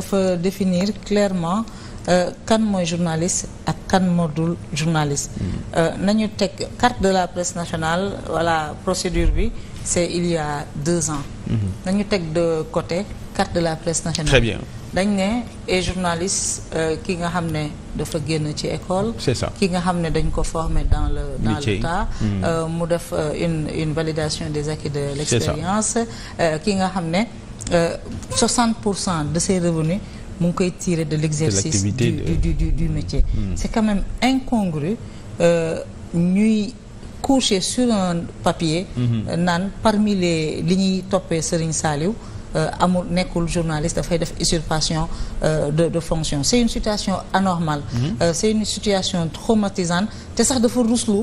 dafa définir clairement euh, kan mooy journaliste ak kan moo dul journaliste hmm. euh, nañu teg carte de la presse nationale voilà procédure bi c'est il y deux ans hmm. nañu teg de côté carte de la presse nationale très bien dañ ne et journaliste euh, ki nga xam ne dafa génn ci école c'est ça ki nga xam ne dañ ko former dans le dans le hmm. mu def une une validation des acquis de l'expérience ki nga xam ne 60 euh, pour cent de ses revenus mu ngi koy tirer de l'exercice du, de... du du du du métier. Mm. c'est quand même incongru euh, ñuy coucher sur un papier. Hmm. Euh, naan parmi les li ñuy toppee Serigne Saliou. amul nekkul journaliste dafay def usurpation de de fonction c'est une situation anormale. Hmm. c'est une situation traumatisante te sax dafa ruslu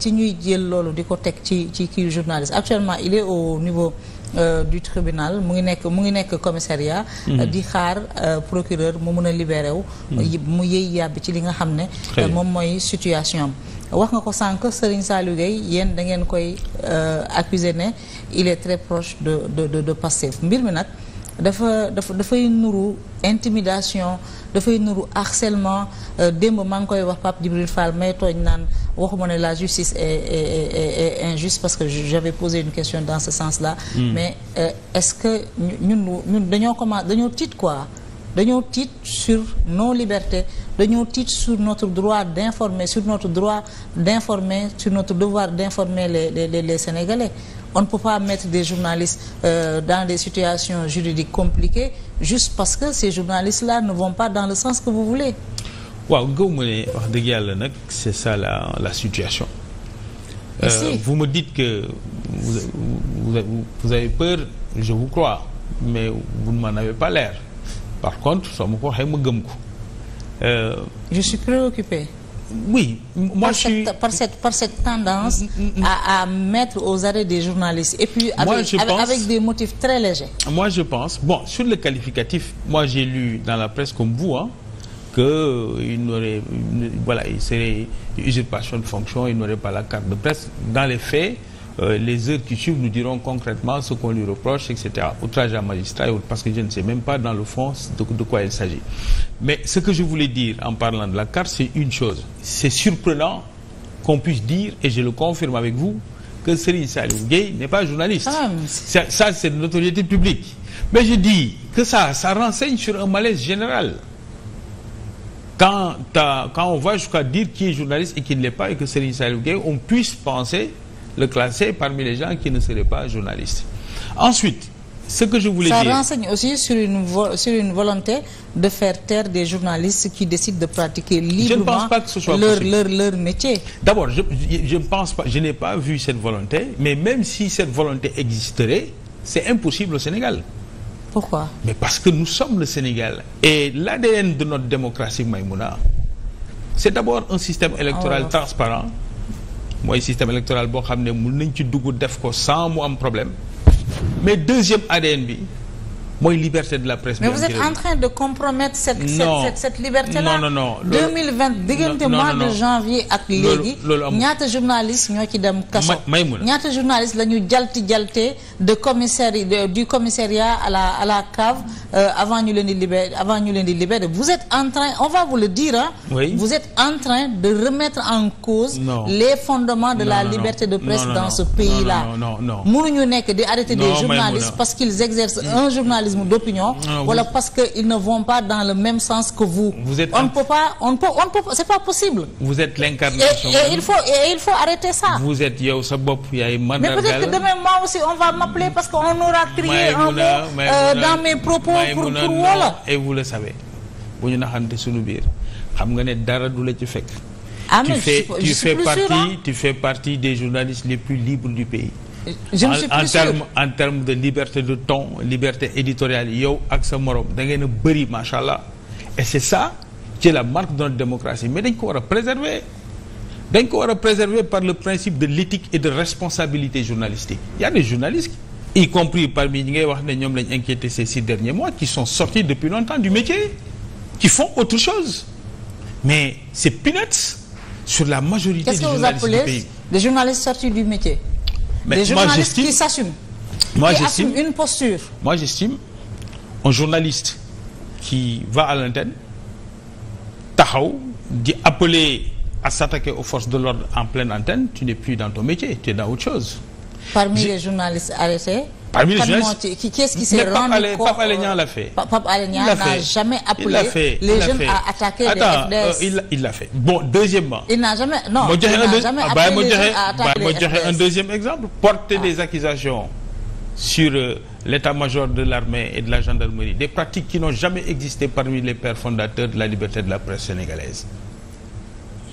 ci ñuy jël loolu di ko teg ci ci kii journaliste actuellement il est au niveau. Euh, du tribunal mu ngi nekk mu ngi nekk commissariat. Mhm. di xaar euh, procureur mu mun a libéré wu. Mhm. mu yëy yàbbi ci li nga xam ne. Euh, moom mooy situation am. wax nga ko sànq Serigne Saliou Gueye yéen da ngeen koy accuser ne il est très proche de de de Pastef mbir mi nag. dafa dafa dafay nuru intimidation dafay nuru harcèlement euh, démb maa ngi koy wax Pape Djibril Fall may tooñ naan waxuma ne la justice est, est, est, est parce que j'avais posé une question dans ce sens-là hmm. mais euh, est-ce que ñun ñun dañoo commencé dañoo tiit quoi dañoo tiit sur nos libertés dañoo tiit sur notre droit d'informer sur notre droit d'informer sur notre devoir d'informer les les les Sénégalais on pour peut mettre des journalistes euh, dans des situations juridiques compliquées juste parce que ces journalistes-là ne vont pas dans le sens que vous voulez. waaw gëw ma ne wax dëgg yàlla nag c'est ça la la situation. Euh, si. vous me dites que vous, avez peur je vous crois mais vous ne pas l'air par contre soo ma ko waxee ma gëm ko. Euh, je suis préoccupé. oui moi par je suis... cette, par cette par cette tendance. à à mettre aux arrêts des journalistes et puis. avec moi, je avec, pense... avec des motifs très légers. moi je pense bon sur le qualificatif moi j'ai lu dans la presse comme vous hein que euh, il n'aurait voilà il serait usurpation de fonction il n'aurait pas la carte de presse dans les faits. euh, les heures qui suivent nous diront concrètement ce qu'on lui reproche, etc. Outrage à magistrat, parce que je ne sais même pas dans le fond de, de quoi il s'agit. Mais ce que je voulais dire en parlant de la carte, c'est une chose. C'est surprenant qu'on puisse dire, et je le confirme avec vous, que Serine Salou Gay n'est pas journaliste. Ah, ça, ça c'est de notoriété publique. Mais je euh, Quand, on va jusqu'à dire qui est journaliste et qui ne pas, et que Serine Salou Gay, on puisse penser le classer parmi les gens qui ne seraient pas journalistes. Ensuite, ce que je voulais ça dire... Ça renseigne aussi sur une, sur une volonté de faire taire des journalistes qui décident de pratiquer librement leur, leur, leur, métier. D'abord, je, je, pense pas, je n'ai pas vu cette volonté, mais même si cette volonté existerait, c'est impossible au Sénégal. Pourquoi Mais parce que nous sommes le Sénégal. Et l'ADN de notre démocratie, Maïmouna, c'est d'abord un système électoral oh. transparent, mooy système électoral boo xam ne mun nañ ci dugg def ko sans mu am problème mais deuxième ADN bi mooy liberté de la presse. mais vous êtes en train de compromettre cette cette cette liberté là. non non non loolu 2020 diggante mois de janvier ak léegi. ñaata journaliste ñoo journaliste la ñu jalti jaltee du commissariat à la à la cave euh, avant ñu leen di avant ñu leen di libérer vous êtes en train on va vous le dire ah. vous êtes en train de remettre en cause. les fondements de la liberté de presse dans ce pays là. non non non mënuñu di arrêter des journalistes parce qu'ils exercent mm. un journaliste. pluralisme d'opinion wala ah voilà, parce que ils ne vont pas dans le même sens que vous, vous êtes l'incarnation et, il faut arrêter ça vous êtes yow sa bopp yaay mandargal mais peut-être que demain moi aussi on va m'appeler parce qu'on aura crié un mot euh, dans mes propos pour voilà et vous le savez bu ñu naxante suñu biir xam nga ne dara du la ci fekk ah tu fais tu fais partie des journalistes les plus libres du pays je me suis en terme en terme de liberté de ton liberté éditoriale yow ak sa morom da ngeen a bëri macha allah et c'est ça qui la marque de notre démocratie mais dañ ko war préserver dañ ko war a préserver par le principe de l'éthique et de responsabilité journalistique il y a des journalistes y compris parmi ñi ngay wax ne ñoom lañ inquiété ces six derniers mois qui sont sortis depuis longtemps du métier qui font autre chose mais c'est peanuts sur la majorité des journalistes du mais des journalistes moi, qui s'assument. Moi j'estime une posture. Moi j'estime un journaliste qui va à l'antenne taxaw di appeler à s'attaquer aux forces de l'ordre en pleine antenne tu n'es plus dans ton métier tu es dans autre chose. Parmi les journalistes arrêtés ah ministre qui qu'est-ce qui s'est rendu compte Pape Alé Niang l'a fait. Pape Alé Niang n'a jamais appelé les jeunes à attaquer les FDS. Euh, il l'a fait bon deuxièmement. il n'a jamais non il n'a jamais ah, appelé les jeunes à attaquer les ma joxe un deuxième exemple. porter ah. des accusations sur euh, l'état-major de l'armée et de la gendarmerie des pratiques qui n'ont jamais existé parmi les pères fondateurs de la liberté de la presse sénégalaise.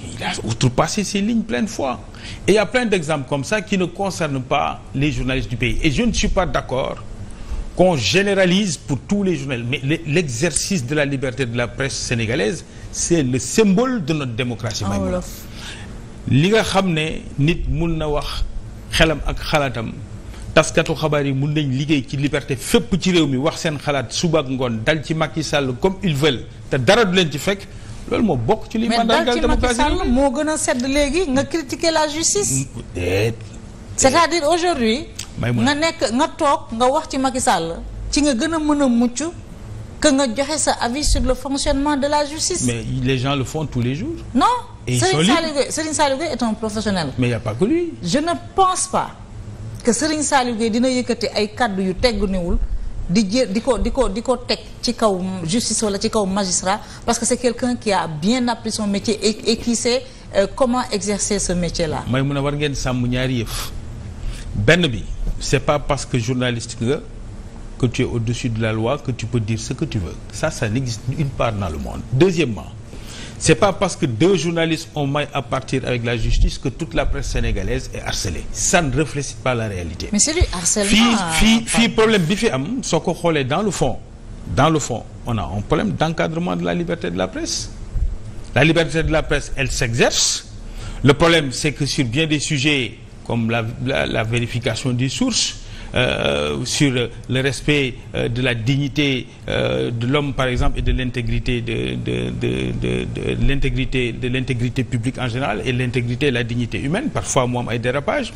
il a outrepassé ses lignes plein de fois. Et il y a plein d'exemples comme ça qui ne concernent pas les journalistes du pays. Et je ne suis pas d'accord qu'on généralise pour tous les journalistes. Mais l'exercice de la liberté de la presse sénégalaise, c'est le symbole de notre démocratie. Ah, voilà. li nga xam ne nit mun na wax xelam ak xalaatam taskatu xabaar yi mun nañ liggéey ci liberté fépp ci réew mi wax seen xalaat suba ak ngoon dal ci Macky Sall comme ils te dara du ci fekk loolu moo bokk ci li mandargal démocratie mais dal ci Macky moo gën a sedd léegi nga critiquer la justice. Mm, c'est-à-dire aujourd'hui nga nekk nga toog nga wax ci Macky Sall ci nga gën a mën a mucc que nga joxe sa avis sur le fonctionnement de la justice. mais les gens le font tous les jours. non Serigne Saliou Gueye Serigne Saliou Gueye est un professionnel. mais y a pas que lui. je ne pense pas que Serigne Saliou Gueye dina yëkkati ay kàddu yu teggu niwul di jël di ko di ko di ko teg ci kaw justice wala ci kaw magistrat parce que c'est quelqu'un qui a bien appris son métier et, et qui sait euh, comment exercer ce métier là. may mun a war ngeen sàmm ñaari yëf benn bi c'est pas parce que journaliste nga que tu es au-dessus de la loi que tu peux dire ce que tu veux ça ça n'existe nulle part dans le monde deuxièmement c'est pas parce que deux journalistes ont maille à partir avec la justice que toute la presse sénégalaise est harcelée ça ne reflète pas la réalité mais c'est euh, problème bi fi am soo ko xoolee dans le fond dans le fond on a un problème d'encadrement de la liberté de la presse la de la presse elle s'exerce le problème c'est que sur bien des sujets comme la la, la vérification des sources euh, sur euh, le respect euh, de la dignité euh, de l'homme par exemple et de l'intégrité de de de de de l'intégrité de l'intégrité publique en général et l'intégrité et la dignité humaine parfois mu am ay dérapages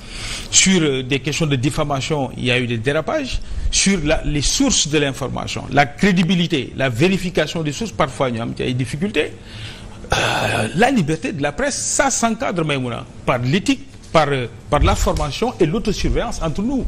sur des questions de diffamation il y a eu des dérapages sur la les sources de l'information la crédibilité la vérification des sources parfois ñu am ci ay difficultés la liberté de la presse ça s'encadre Maïmouna par l'éthique par, euh, par la formation et l'autosurveillance entre nous.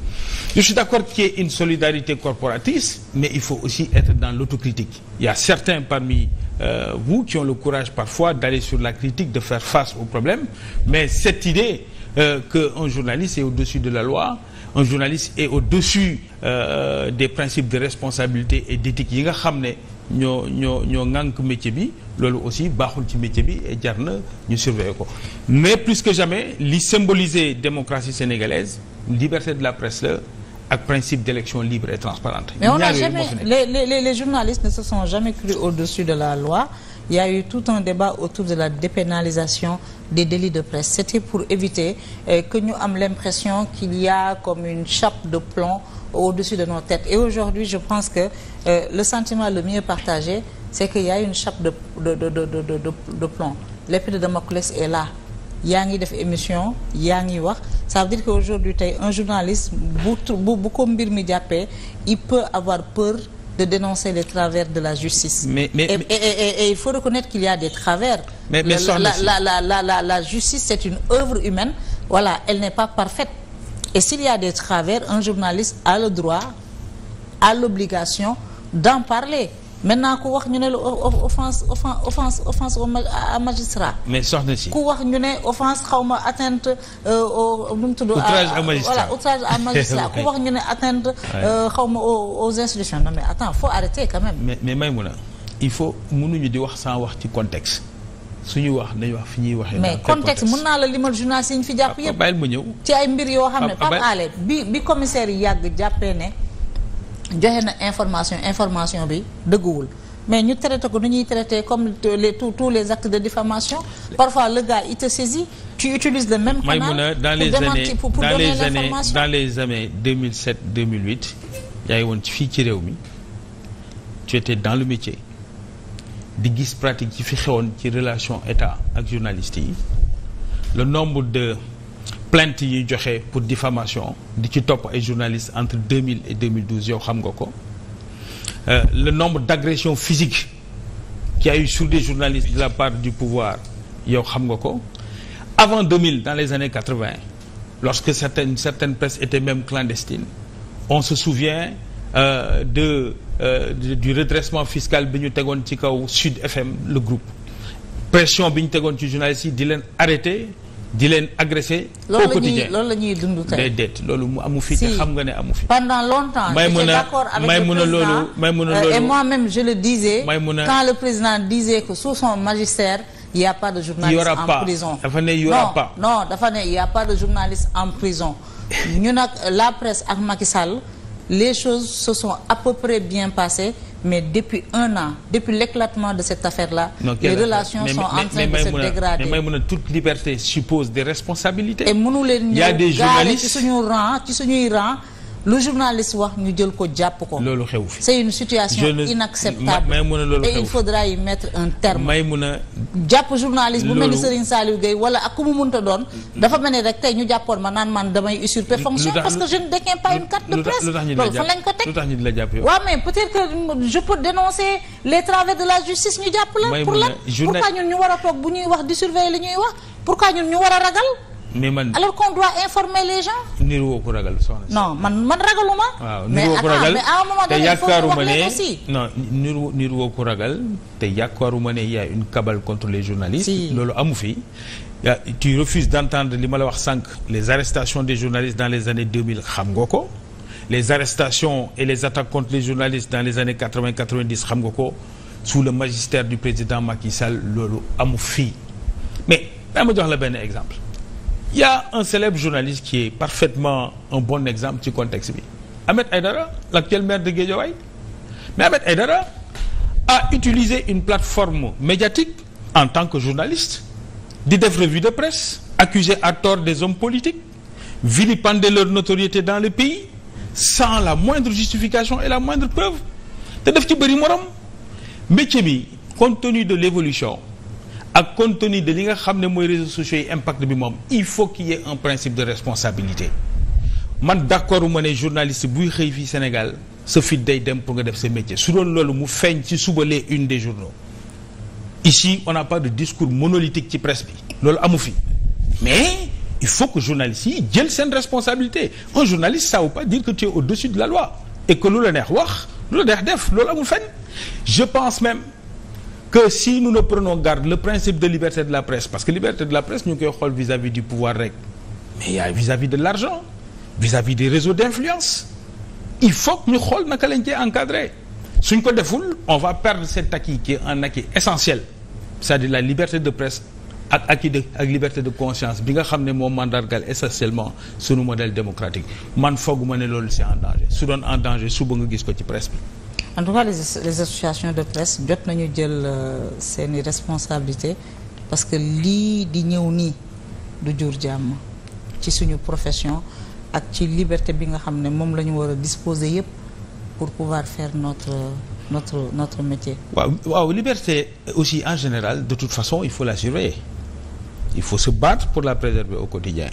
Je suis d'accord qu'il y ait une solidarité corporatiste, mais il faut aussi être dans l'autocritique. Il y a certains parmi euh, vous qui ont le courage parfois d'aller sur la critique, de faire face au problème mais cette idée euh, qu'un journaliste est au-dessus de la loi, un journaliste est au-dessus euh, des principes de responsabilité et d'éthique yi nga xam ne ñoo ñoo ñoo ŋànk métier bi loolu aussi baaxul ci métier bi et jar na ñu surveiller ko mais plus que jamais li symboliser démocratie sénégalaise liberté de la presse la ak principe d'élection libre et transparente. les journalistes ne se sont jamais cru au-dessus de la loi. il y a eu tout un débat autour de la dépénalisation des délits de presse c'était pour éviter eh, que ñu am l'impression qu'il y a comme une chape de plomb au-dessus de nos têtes et aujourd'hui je pense que euh, le sentiment le mieux partagé c'est qu'il y a une chape de de de de de de, de plomb l'épée est là yaa ngi def émission yaa ngi wax ça veut dire que aujourd'hui un journaliste bu bu bu ko mbir mi jàppee il peut avoir peur de dénoncer les travers de la justice. mais mais et, mais, et, et, et il faut reconnaître qu'il y a des travers. mais mais la, la la la la la justice c'est une œuvre humaine voilà elle n'est pas parfaite et s'il y a des travers un journaliste a le droit a l'obligation d'en parler. maintenant ku wax ñu ne la offense offense offense au magistrat. mais soxna si ku wax ñu ne offense xaw ma atteinte euh, au mu tudd. outrage à magistrat voilà à magistrat ku wax ñu ne atteinte. Euh, xaw ma aux institutions non mais attends faut arrêter quand même. mais mais a il faut mënuñu di wax sans wax ci contexte suñuy wax dañuy wax fi ñuy waxee. mais contexte mun naa la limal journaliste yi ñu fi jàpp ah, yëpp. ñëw ci ay mbir yoo xam ne ah, ah, Pape Alé bi bi commissaire yi yàgg jàppee ne. joxe na information information bi dëgguwul mais ñu traité ko nu ñuy traité comme les tous tous les actes de diffamation parfois le gars il te saisit tu utilises le même canal dans les années dans les années dans les années 2007 2008 yaa ngi woon ci fii ci réew mi tu étais dans le métier di gis pratique ci fi xewoon ci relation état ak journalistes yi le nombre de plainte yi joxe pour diffamation di ci topp ay journalistes entre 2000 et 2012 yow xam nga ko euh, le nombre d'agressions physiques qu'il y a eu des journalistes de la part du pouvoir yow xam nga ko avant 2000 dans les années 80 lorsque certaines certaines presses étaient même clandestines on se souvient euh, de, euh, de du redressement bi ñu tegoon ci kaw Sud FM le groupe di leen agressé. au quotidien loolu la ñuy dund tey déedéet loolu mu amu fi. te xam nga ne amu fi. pendant longtemps j'étais d'accord avec le président loolu may mun a euh, loolu. et moi-même je le disais. may mun a quand le président disait que sous son magistère. il y a pas de journaliste en pas. prison dafa non, dafa ne y a pas de journaliste en prison la presse ak Macky Sall les choses se sont à peu près bien passées. mais depuis un an depuis l'éclatement de cette affaire-là les relations sont en train de se dégrader mais may mën a toute liberté suppose des responsabilités et mënu leen ñu gaale ci suñu rang ci suñuy rang lu journaliste wax ñu jël ko jàpp ko. loolu xew c'est une situation inacceptable may a loolu xew et il faudra y mettre un terme. jàpp journaliste bu mel ni Serigne Saliou ak ku mu mënta doon. dafa mel ni rek tey ñu jàppoon ma naan man damay usurper fonction. parce que je ne détiens pas une carte de presse. lu tax ñu di la jàpp yow. mais peut-être que je peux dénoncer les travers de la justice ñu jàpp la. pour lan pourquoi ñun ñu war a toog bu ñuy wax di surveiller mais man alors qu'on woo ko ragal soxna si. man man ragaluma. waaw nii woo ko ragal mais à un moment woo ko ragal te yaakaaruma ne y a une cabale contre les journalistes. loolu amu fi. tu refuses d'entendre li ma la wax sànq. les arrestations des journalistes dans les années 2000 xam nga ko. les arrestations et les attaques contre les journalistes dans les années 80 90 xam nga ko sous le magistère du président Macky Sall loolu amu fi mais dama jox la benn exemple. il y a un célèbre journaliste qui est parfaitement un bon exemple ci contexte bi Ahmed Aïdara l'actuel maire de Guédiawaye mais Ahmed Aïdara a utilisé une plateforme médiatique en tant que journaliste di def revue de presse accuser à tort des hommes politiques vilipender leur notoriété dans le pays sans la moindre justification et la moindre preuve te def ci bëri morom métier bi compte tenu de l'évolution ak compte tenu de li nga xam ne mooy réseaux sociaux yi impact bi moom il faut qu'il y un principe de responsabilité man d'accord ma ne journaliste buy xëy fii Sénégal sa fit day dem pour nga def sa métier su doon loolu mu feeñ ci suba les une des journaux ici on n'a pas de discours monolithique ci presse bi loolu amu fi mais il faut que journalistes yi jël seen responsabilité un journaliste ça veut pas dire que tu es au-dessus de la loi et que lu la neex wax lu la def loolu amul fenn je pense que si nous ne prenons garde le principe de liberté de la presse parce que liberté de la presse ñu ngi koy xool vis-à-vis du pouvoir rek mais y vis-à-vis de l'argent vis-à-vis des réseaux d'influence il faut que ñu xool naka lañ cee encadrer suñ ko deful on va perdre cet acquis qui est un acquis essentiel c'est-à-dire la liberté de presse ak acquis de ak liberté de conscience bi nga xam ne moom mandargal essentiellement sunu modèle démocratique man fooguma ne loolu c'est en danger su doon en danger suba nga gis ko ci presse bi en tout cas les associations de presse jot nañu jël euh, seeni responsabilité parce que lii di ñëw nii du jur jàmm ci suñu profession ak ci liberté bi nga xam ne moom la ñu war a disposer yépp pour pouvoir faire notre notre notre métier. waaw waaw liberté aussi en général de toute façon il faut la surveiller il faut se battre pour la préserver au quotidien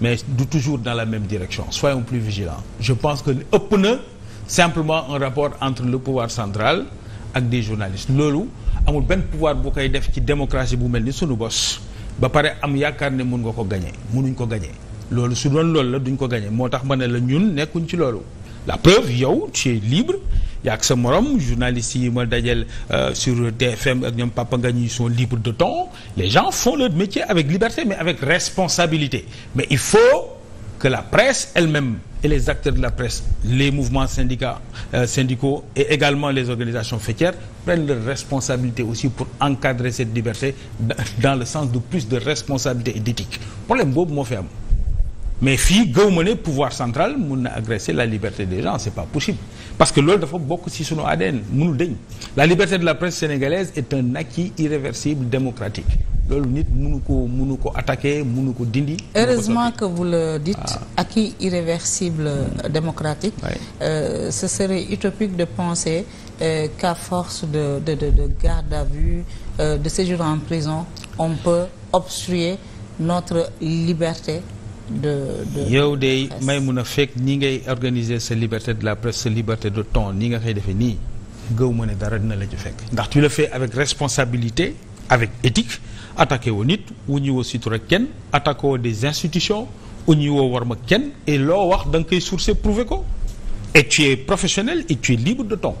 mais du toujours dans la même direction soyons plus vigilants je pense que ëpp na. simplement un rapport entre le pouvoir central ak des journalistes loolu amul benn pouvoir bu koy def ci démocratie bu mel ni sunu bos ba pare am yaakaar ne mun nga ko gañe munuñ ko gañe loolu su doon loolu la duñ ko gañe moo tax ma ne la ñun nekkuñ ci loolu la preuve yow ci es libre yaa ak sa morom journalistes yi ma dajel euh, sur TFM ak ñoom Papa Ngagne yi sont libres de ton les gens font leur métier avec liberté mais avec responsabilité mais il faut que la presse elle-même et les acteurs de la presse, les mouvements syndicats, euh, syndicaux et également les organisations fêtières prennent leurs responsabilités aussi pour encadrer cette liberté dans le sens de plus de responsabilité et d'éthique. Problème boobu moo fi am mais fii gëw ma ne pouvoir central mun na agresser la liberté des gens c'est pas possible parce que loolu dafa bokk ci sunu ADN mënul deñ la liberté de la presse sénégalaise est un acquis irréversible loolu nit mënu ko mënu ko attaquer mënu ko dindi. heureusement que vous le dites. Ah. acquis irréversible mmh. démocratique. Oui. Euh, ce serait utopique de penser euh, qu'à force de de de de garde à vue euh, de séjour en prison on peut obstruer notre liberté. de yow de may mun a fekk ñi ngay organiser sa liberté de la presse sa liberté de ton ni nga koy defee nii gëw ma ne dara dina la ci fekk. ndax tu le fais avec responsabilité. avec éthique attaqué woo nit wu ñuy woo sutura kenn attaqué woo des institutions wu ñuy woo war ma kenn et loo wax da nga koy sourcer prouver ko et tu es professionnel et libre de ton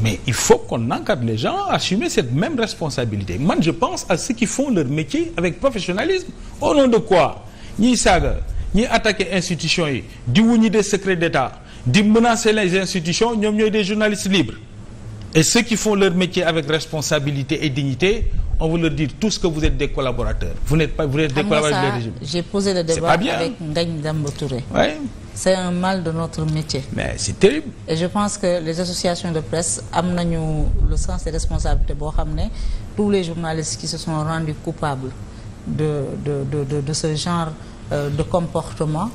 mais il faut qu'on encadre les gens à assumer cette même responsabilité man je pense à ceux qui font leur métier avec professionnalisme au nom de quoi ñiy saaga ñiy attaquer institutions yi di wuñi des secrets d'État di menacer les institutions ñoom ñooy des journalistes libres Et ceux qui font leur métier avec responsabilité et dignité, on veut leur dire tous que vous êtes des collaborateurs. Vous n'êtes pas vous êtes des collaborateurs du régime. J'ai posé le débat avec C'est un mal de notre métier. Mais c'est terrible. Et je pense que les associations de presse am nañu le sens des responsabilités boo xam ne tous les journalistes qui se sont rendus coupables de de de de, de ce genre euh, de comportement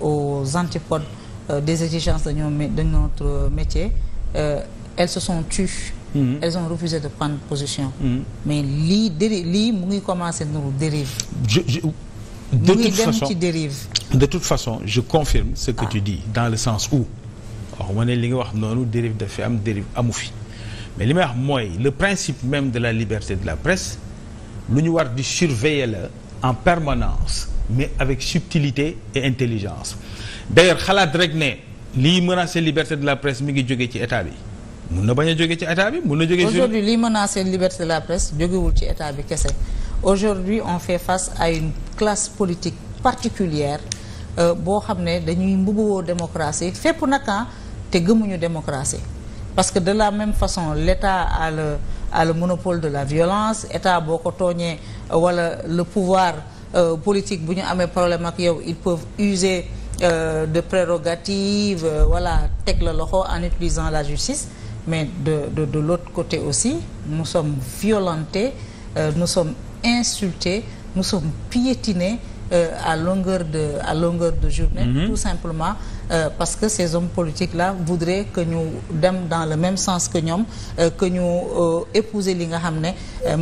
aux antipodes euh, des exigences de, de notre métier. Euh, elles se sont tues. Mmh. elles ont refusé de prendre position. Mmh. mais lii déri lii mu ngi commencé nuru dérive. je je de toute, façon je confirme ce que ah. tu dis dans le sens où waxuma ne li nga wax noonu dérive daf fi am dérive amu fi mais li may wax mooy le principe même de la liberté de la presse lu ñu war di surveiller la en permanence mais avec subtilité et intelligence d'ailleurs xalaat rek ne liy menacer liberté de la presse mi ngi jógee ci état bi. mun na bañ jóge ci état bi mun na jóge. aujourd'hui li menace liberté de la presse jógewul ci état bi kese aujourd'hui on fait face à une classe politique particulière euh, boo xam ne dañuy mbubboo démocratie fépp naka ah, te gëmuñu démocratie parce que de la même façon l'état à le a le monopole de la violence état boo ko tooñee euh, wala le pouvoir euh, politique bu ñu amee problème ak yow il peuvent user euh, de prérogatives euh, voilà teg la loxo en utilisant la justice mais de de de l'autre côté aussi nous sommes violentés euh, nous sommes insultés nous sommes piétinés euh, à longueur de à longueur de journée. Mm -hmm. tout simplement euh, parce que ces hommes politiques là voudraient que ñu dem dans le même sens que ñoom euh, que ñu épouser li nga xam ne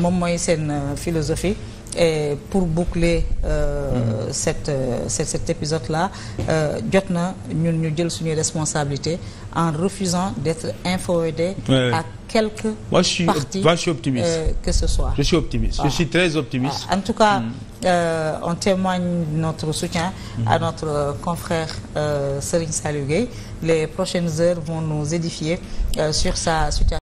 moom mooy seen philosophie. et pour boucler euh, mmh. cette, cette cet épisode là euh, jot na ñun ñu jël suñuy responsabilité en refusant d'être inféodé ouais. à quelque moi je suis, partie moi je suis euh, que ce soit je suis optimiste ah. en tout cas mm. euh, on témoigne notre soutien mmh. à notre confrère Serigne Saliou Gueye les prochaines heures vont nous édifier sur sa